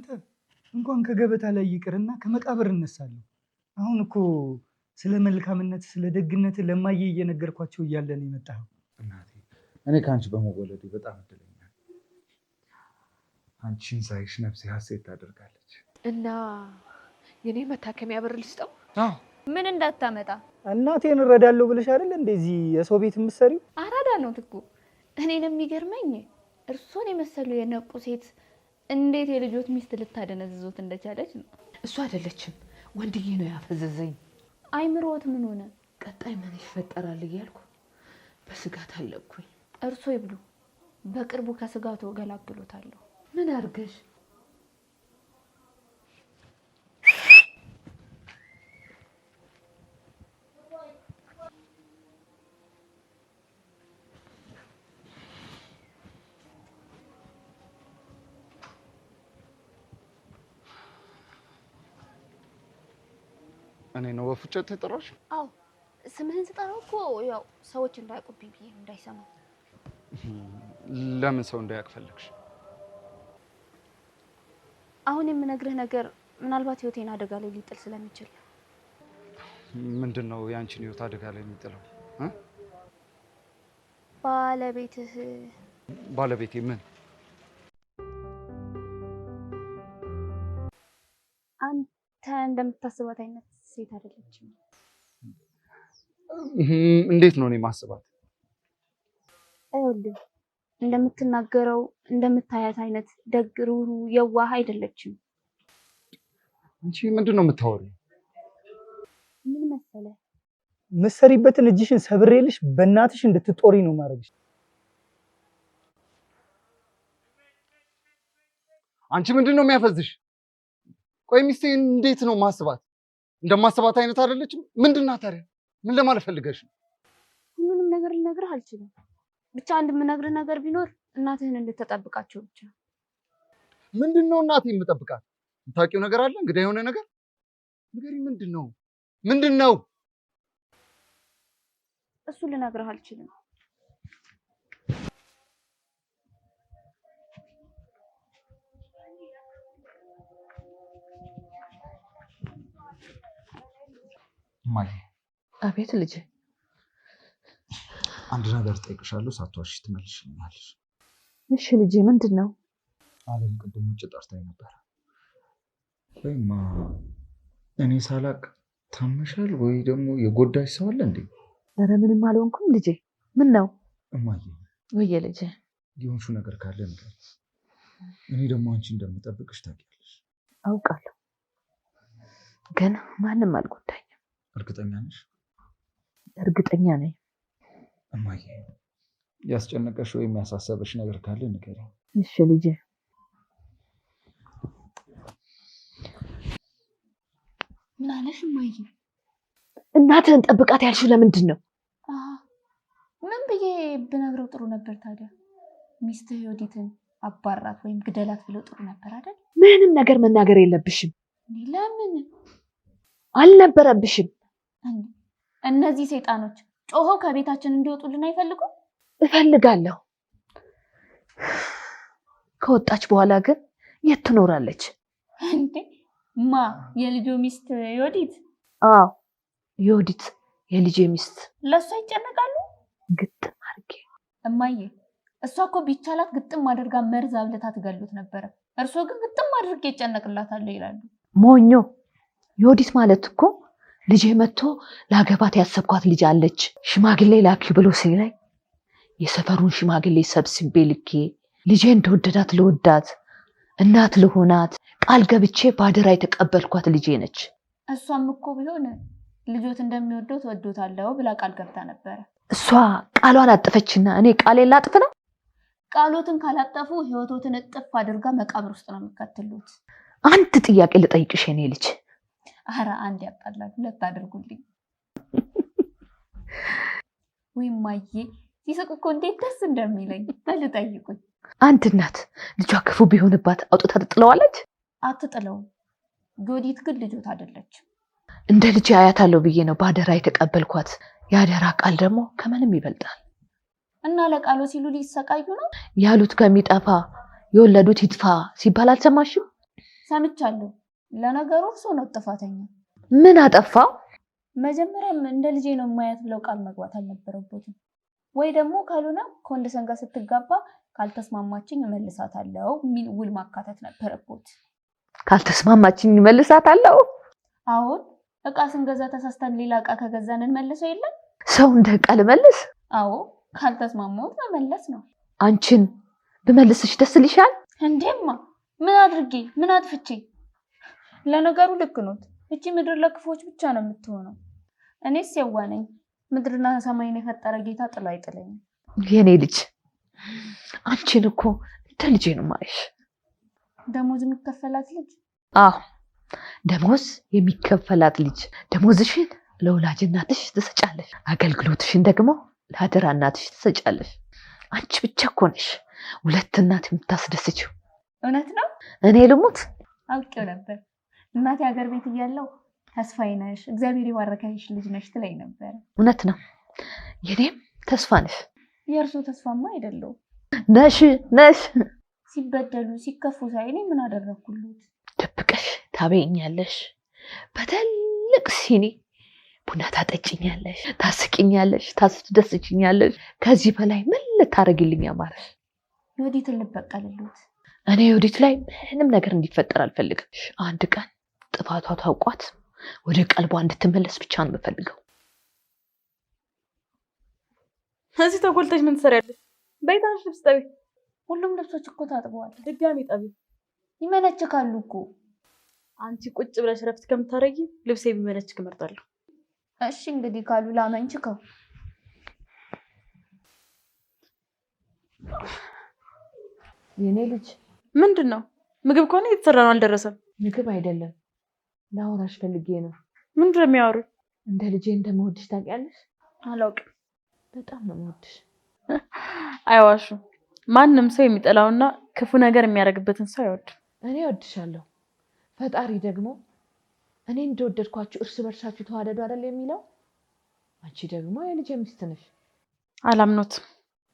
አንተ እንኳን ከገበታ ላይ ይቅርና ከመቃብር እነሳለሁ። አሁን እኮ ስለ መልካምነት ስለ ደግነት ለማየ እየነገርኳቸው እያለ ነው የመጣኸው። እናቴ እኔ ከአንቺ በመወለዴ በጣም እድለኛል። አንቺን ሳይሽ ነፍሴ ሀሴት ታደርጋለች። እና የኔ መታከሚያ ብር ልስጠው? ምን እንዳታመጣ። እናቴን እረዳለሁ ብለሽ አይደል እንደዚህ የሰው ቤት የምትሰሪው? አራዳ ነው ትኩ። እኔን የሚገርመኝ እርሶን የመሰሉ የነቁ ሴት እንዴት የልጆት ሚስት ልታደነዝዞት እንደቻለች ነው። እሱ አይደለችም ወንድዬ ነው ያፈዘዘኝ። አይምሮት ምን ሆነ? ቀጣይ ምን ይፈጠራል እያልኩ በስጋት አለኩኝ። እርሶ ይብሉ፣ በቅርቡ ከስጋቱ እገላግሎታለሁ። ምን አርገሽ? እኔ ነው በፉጨት የጠራሽ? አዎ ስምህን ስጠራው እኮ ያው ሰዎች እንዳያውቁብኝ ብዬ እንዳይሰማ። ለምን ሰው እንዳያውቅ ፈለግሽ? አሁን የምነግርህ ነገር ምናልባት ህይወቴን አደጋ ላይ ሊጥል ስለሚችል። ምንድን ነው ህይወት አደጋ ላይ የሚጥለው? ባለቤትህ። ባለቤቴ ምን? አንተ እንደምታስባት አይነት ሴት አይደለችም። እንዴት ነው እኔ ማስባት? ይኸውልህ እንደምትናገረው እንደምታያት አይነት ደግ፣ ሩሩ፣ የዋህ አይደለችም። አንቺ ምንድን ነው የምታወሪው? ምን መሰለ መሰሪበትን እጅሽን ሰብሬልሽ በእናትሽ እንድትጦሪ ነው ማድረግሽ። አንቺ ምንድን ነው የሚያፈዝሽ? ቆይ ሚስቴ እንዴት ነው ማስባት? እንደማስባት አይነት አይደለችም። ምንድን ናት ታዲያ? ምን ለማለት ፈልገሽ ነው? ሁሉንም ነገር ልነግርህ አልችልም። ብቻ አንድ የምነግርህ ነገር ቢኖር እናትህን እንድትጠብቃቸው ብቻ። ምንድን ነው እናት የምጠብቃት? የምታውቂው ነገር አለ እንግዲህ የሆነ ነገር ነገር ምንድን ነው ምንድን ነው እሱ? ልነግርህ አልችልም። እማዬ። አቤት ልጄ። አንድ ነገር ጠይቅሻለሁ፣ ሳትዋሺ ትመልሽልኛለሽ። እሺ ልጄ። ምንድን ነው? አለም ቅድም ውጭ ጠርታኝ ነበር። ወይማ እኔ ሳላቅ ታመሻል ወይ ደግሞ የጎዳሽ ሰው አለ እንዴ? ኧረ ምንም አልሆንኩም ልጄ። ምን ነው እማዬ? ወየ ልጄ፣ የሆንሹ ነገር ካለ ንገሪኝ። እኔ ደግሞ አንቺ እንደምጠብቅሽ ታውቂያለሽ። አውቃለሁ፣ ግን ማንም አልጎዳኝ እርግጠኛ ነሽ? እርግጠኛ ነኝ። እማዬ ያስጨነቀሽ ወይም ያሳሰበሽ ነገር ካለ ንገሪኝ። እሺ ልጄ። ምን አለሽ እማዬ? እናትህን ጠብቃት ያልሽው ለምንድን ነው? ምን ብዬ ብነግረው ጥሩ ነበር ታዲያ? ሚስትህ ዮዲትን አባራት ወይም ግደላት ብለው ጥሩ ነበር አይደል? ምንም ነገር መናገር የለብሽም። ለምን አልነበረብሽም? እነዚህ ሰይጣኖች ጮኸው ከቤታችን እንዲወጡልን አይፈልጉም? እፈልጋለሁ። ከወጣች በኋላ ግን የት ትኖራለች እንዴ? ማ የልጆ ሚስት ዮዲት? አዎ ዮዲት የልጅ ሚስት። ለእሷ ይጨነቃሉ? ግጥም አድርጌ እማዬ፣ እሷ እኮ ቢቻላት ግጥም አድርጋ መርዝ አብልታ ትገሉት ነበረ። እርሶ ግን ግጥም አድርጌ ይጨነቅላታለሁ ይላሉ። ሞኞ ዮዲት ማለት እኮ ልጄ መጥቶ ለአገባት ያሰብኳት ልጅ አለች ሽማግሌ ላኪ ብሎ ሲለኝ የሰፈሩን ሽማግሌ ሰብስቤ ልኬ ልጄ እንደወደዳት ልወዳት እናት ልሆናት ቃል ገብቼ በአደራ የተቀበልኳት ልጄ ነች። እሷም እኮ ቢሆን ልጆት እንደሚወደው ትወዶታለሁ ብላ ቃል ገብታ ነበረ። እሷ ቃሏን አጥፈችና እኔ ቃሌ ላጥፍ ነው። ቃሎትን ካላጠፉ ህይወቶትን እጥፍ አድርጋ መቃብር ውስጥ ነው የሚከትሉት። አንድ ጥያቄ ልጠይቅሽ የኔ ልጅ አረ አንድ ያጣላል ሁለት አድርጉልኝ። ወይም ማዬ ሲስቅ እኮ እንዴት ደስ እንደሚለኝ በልጠይቁኝ። አንድ እናት ልጇ ክፉ ቢሆንባት አውጥታ ትጥለዋለች? አትጥለውም። ጆዲት ግን ልጆት አደለች። እንደ ልጅ አያታለሁ ብዬ ነው በአደራ የተቀበልኳት። የአደራ ቃል ደግሞ ከምንም ይበልጣል። እና ለቃሎ ሲሉ ሊሰቃዩ ነው ያሉት። ከሚጠፋ የወለዱት ይጥፋ ሲባል አልሰማሽም? ሰምቻለሁ። ለነገሩ እርሶ ነው ጥፋተኛ። ምን አጠፋው? መጀመሪያም እንደ ልጄ ነው ማየት ብለው ቃል መግባት አልነበረበትም። ወይ ደግሞ ካልሆነ ከወንደሰን ጋር ስትጋባ ካልተስማማችኝ እመልሳታለሁ የሚል ውል ማካተት ነበረቦት። ካልተስማማችኝ እመልሳታለሁ። አሁን እቃ ስንገዛ ተሳስተን ሌላ እቃ ከገዛን እንመልሰው የለም ሰው እንደ እቃ ልመልስ? አዎ ካልተስማማሁት መመለስ ነው። አንቺን ብመልስሽ ደስ ይልሻል? እንዴማ ምን አድርጌ ምን አጥፍቼ ለነገሩ ልክ ኖት። እቺ ምድር ለክፎች ብቻ ነው የምትሆነው። እኔስ የዋነኝ ምድርና ሰማይን የፈጠረ ጌታ ጥሎ አይጥለኝም። የኔ ልጅ አንቺን እኮ እንደ ልጄ ነው የማይሽ። ደሞዝ የሚከፈላት ልጅ። አዎ ደሞዝ የሚከፈላት ልጅ። ደሞዝሽን ለወላጅ እናትሽ ትሰጫለሽ፣ አገልግሎትሽን ደግሞ ለአደራ እናትሽ ትሰጫለሽ። አንቺ ብቻ እኮ ነሽ ሁለት እናት የምታስደስችው። እውነት ነው። እኔ ልሙት አውቄው ነበር። እናቴ ሀገር ቤት እያለው ተስፋዬ ነሽ፣ እግዚአብሔር የባረከሽ ልጅ ነሽ ትለኝ ነበር። እውነት ነው። የኔም ተስፋ ነሽ። የእርሶ ተስፋማ አይደለው ነሽ ነሽ። ሲበደሉ ሲከፉ ሳይ እኔ ምን አደረግኩለት? ደብቀሽ ታበይኛለሽ፣ በትልቅ ሲኒ ቡና ታጠጭኛለሽ፣ ታስቂኛለሽ፣ ታስደስችኛለሽ። ከዚህ በላይ ምን ልታደርግልኝ ያማረሽ? የወዲት ልበቀልሉት። እኔ የወዲት ላይ ምንም ነገር እንዲፈጠር አልፈልግም። አንድ ቀን ጥፋቷ ታውቋት ወደ ቀልቧ እንድትመለስ ብቻ ነው የምፈልገው። እዚህ ተጎልተሽ ምን ትሰሪያለሽ? በይታሽ ልብስ ጠቢ። ሁሉም ልብሶች እኮ ታጥበዋል። ድጋሚ ጠቢ። ይመነችካሉ እኮ። አንቺ ቁጭ ብለሽ ረፍት ከምታረጊ ልብሴ ቢመነችክ እመርጣለሁ። እሺ እንግዲህ ካሉ ላመንችከው። የኔ ልጅ ምንድን ነው? ምግብ ከሆነ የተሰራ ነው አልደረሰም። ምግብ አይደለም ላወራሽ ፈልጌ ነው። ምንድን ነው የሚያወሩኝ? እንደ ልጄ እንደምወድሽ ታውቂያለሽ? አላውቅም። በጣም ነው የምወድሽ። አይዋሹ፣ ማንም ሰው የሚጠላውና ክፉ ነገር የሚያደርግበትን ሰው አይወድም። እኔ እወድሻለሁ። ፈጣሪ ደግሞ እኔ እንደወደድኳችሁ እርስ በርሳችሁ ተዋደዱ አይደል የሚለው። አንቺ ደግሞ የልጄ ሚስት ነሽ። አላምኖትም።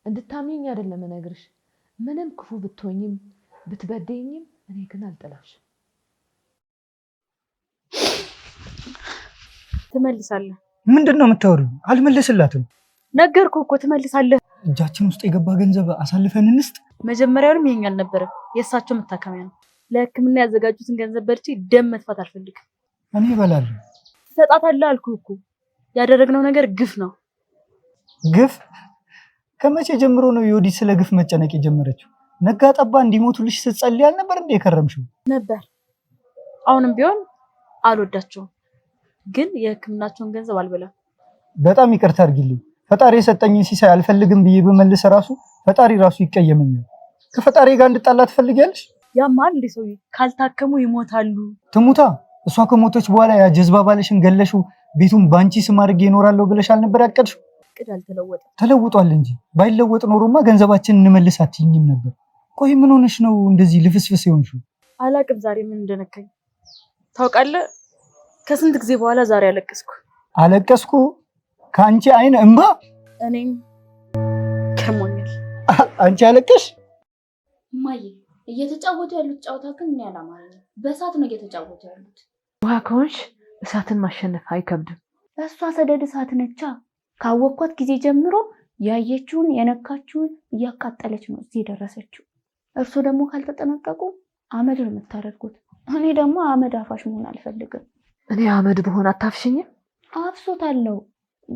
እንድታምኚኝ አይደለም እነግርሽ። ምንም ክፉ ብትሆኝም ብትበደኝም እኔ ግን አልጠላሽም። ትመልሳለህ። ምንድን ነው የምታወሪው? አልመለስላትም። ነገርኩ እኮ ትመልሳለህ። እጃችን ውስጥ የገባ ገንዘብ አሳልፈን እንስጥ። መጀመሪያውንም የኛ አልነበረም፣ የእሳቸው መታከሚያ ነው። ለህክምና ያዘጋጁትን ገንዘብ በልቼ ደም መጥፋት አልፈልግም። እኔ እበላለሁ። ትሰጣታለህ አልኩ እኮ። ያደረግነው ነገር ግፍ ነው። ግፍ? ከመቼ ጀምሮ ነው የወዲህ ስለ ግፍ መጨነቅ የጀመረችው? ነጋ ጠባ እንዲሞቱልሽ ስትጸልይ አልነበር እንደ የከረምሽው? ነበር። አሁንም ቢሆን አልወዳቸውም። ግን የህክምናቸውን ገንዘብ አልበላም። በጣም ይቅርታ አድርጊልኝ። ፈጣሪ የሰጠኝን ሲሳይ አልፈልግም ብዬ በመልስ ራሱ ፈጣሪ ራሱ ይቀየመኛል። ከፈጣሪ ጋር እንድጣላ ትፈልጊያለሽ? ያማል እንዴ ሰውዬ፣ ካልታከሙ ይሞታሉ። ትሙታ። እሷ ከሞተች በኋላ ያ ጀዝባ ባለሽን ገለሹ ቤቱን በአንቺ ስም አድርጌ ይኖራለሁ ብለሽ አልነበር ያቀድሽው? እቅድ አልተለወጠም። ተለውጧል እንጂ ባይለወጥ ኖሮማ ገንዘባችን እንመልስ አትይኝም ነበር። ቆይ ምን ሆነሽ ነው እንደዚህ ልፍስፍስ የሆንሽው? አላቅም ዛሬ ምን እንደነካኝ ታውቃለህ? ከስንት ጊዜ በኋላ ዛሬ አለቀስኩ አለቀስኩ ከአንቺ አይን እንባ እኔም ከሞኛል። አንቺ አለቀሽ እማዬ። እየተጫወቱ ያሉት ጨዋታ ግን እኔ አላማረኝም። በእሳት ነው እየተጫወቱ ያሉት። ውሃ ከሆንሽ እሳትን ማሸነፍ አይከብድም። እሷ ሰደድ እሳት ነቻ። ካወቅኳት ጊዜ ጀምሮ ያየችውን የነካችውን እያቃጠለች ነው እዚህ የደረሰችው። እርሱ ደግሞ ካልተጠነቀቁ አመድ ነው የምታደርጉት። እኔ ደግሞ አመድ አፋሽ መሆን አልፈልግም። እኔ አመድ ብሆን አታፍሽኝም? አፍሶታለሁ፣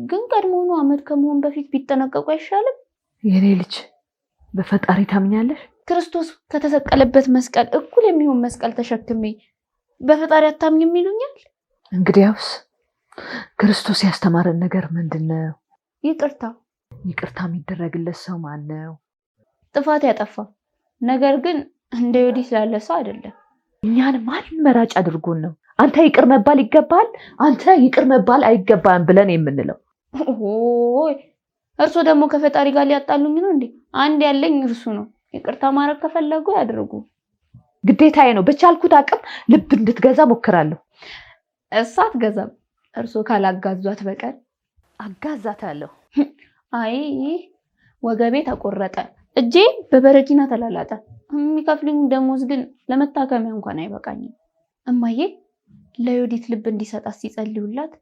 ግን ቀድሞውኑ አመድ ከመሆን በፊት ቢጠነቀቁ አይሻልም? የኔ ልጅ በፈጣሪ ታምኛለሽ? ክርስቶስ ከተሰቀለበት መስቀል እኩል የሚሆን መስቀል ተሸክሜ በፈጣሪ አታምኝም ይሉኛል? እንግዲያውስ ክርስቶስ ያስተማረን ነገር ምንድን ነው? ይቅርታ። ይቅርታ የሚደረግለት ሰው ማን ነው? ጥፋት ያጠፋ ነገር ግን እንደ ዮዲት ላለ ሰው አይደለም። እኛን ማን መራጭ አድርጎን ነው አንተ ይቅር መባል ይገባል፣ አንተ ይቅር መባል አይገባም ብለን የምንለው እርሶ ደግሞ ከፈጣሪ ጋር ሊያጣሉኝ ነው እንዴ? አንድ ያለኝ እርሱ ነው። ይቅርታ ማድረግ ከፈለጉ ያድርጉ፣ ግዴታዬ ነው። በቻልኩት አቅም ልብ እንድትገዛ ሞክራለሁ። እሷ አትገዛም፣ እርሶ ካላጋዟት በቀር አጋዛታለሁ። አይ ወገቤ ተቆረጠ፣ እጄ በበረኪና ተላላጠ። የሚከፍልኝ ደሞዝ ግን ለመታከሚያ እንኳን አይበቃኝም። እማዬ ለዮዲት ልብ እንዲሰጣት ሲጸልዩላት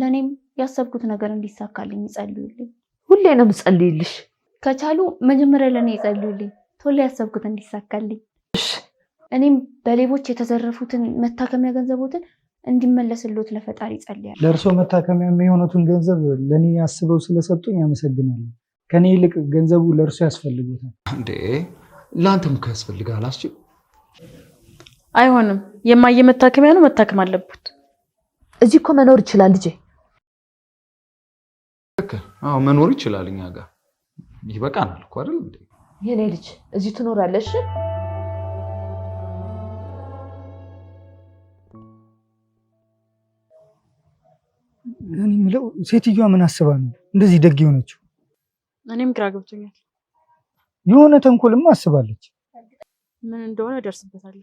ለእኔም ያሰብኩት ነገር እንዲሳካልኝ ይጸልዩልኝ። ሁሌ ነው ምጸልይልሽ። ከቻሉ መጀመሪያ ለእኔ ይጸልዩልኝ፣ ቶሎ ያሰብኩት እንዲሳካልኝ። እኔም በሌቦች የተዘረፉትን መታከሚያ ገንዘቦትን እንዲመለስሎት ለፈጣሪ ይጸልያል። ለእርስዎ መታከሚያ የሚሆኑትን ገንዘብ ለእኔ አስበው ስለሰጡኝ አመሰግናለሁ። ከኔ ይልቅ ገንዘቡ ለእርሱ ያስፈልጉታል። እንዴ ለአንተም ከያስፈልጋል አስችል አይሆንም። የማየ መታከሚያ ነው፣ መታከም አለበት። እዚህ እኮ መኖር ይችላል ልጄ። አዎ መኖር ይችላል፣ እኛ ጋር ይበቃናል እኮ አይደል እንዴ? የኔ ልጅ እዚህ ትኖራለሽ። እኔ የምለው ሴትዮዋ ምን አስባ ነው እንደዚህ ደግ የሆነችው? እኔም ግራ ገብቶኛል። የሆነ ተንኮልማ አስባለች። ምን እንደሆነ እደርስበታለሁ።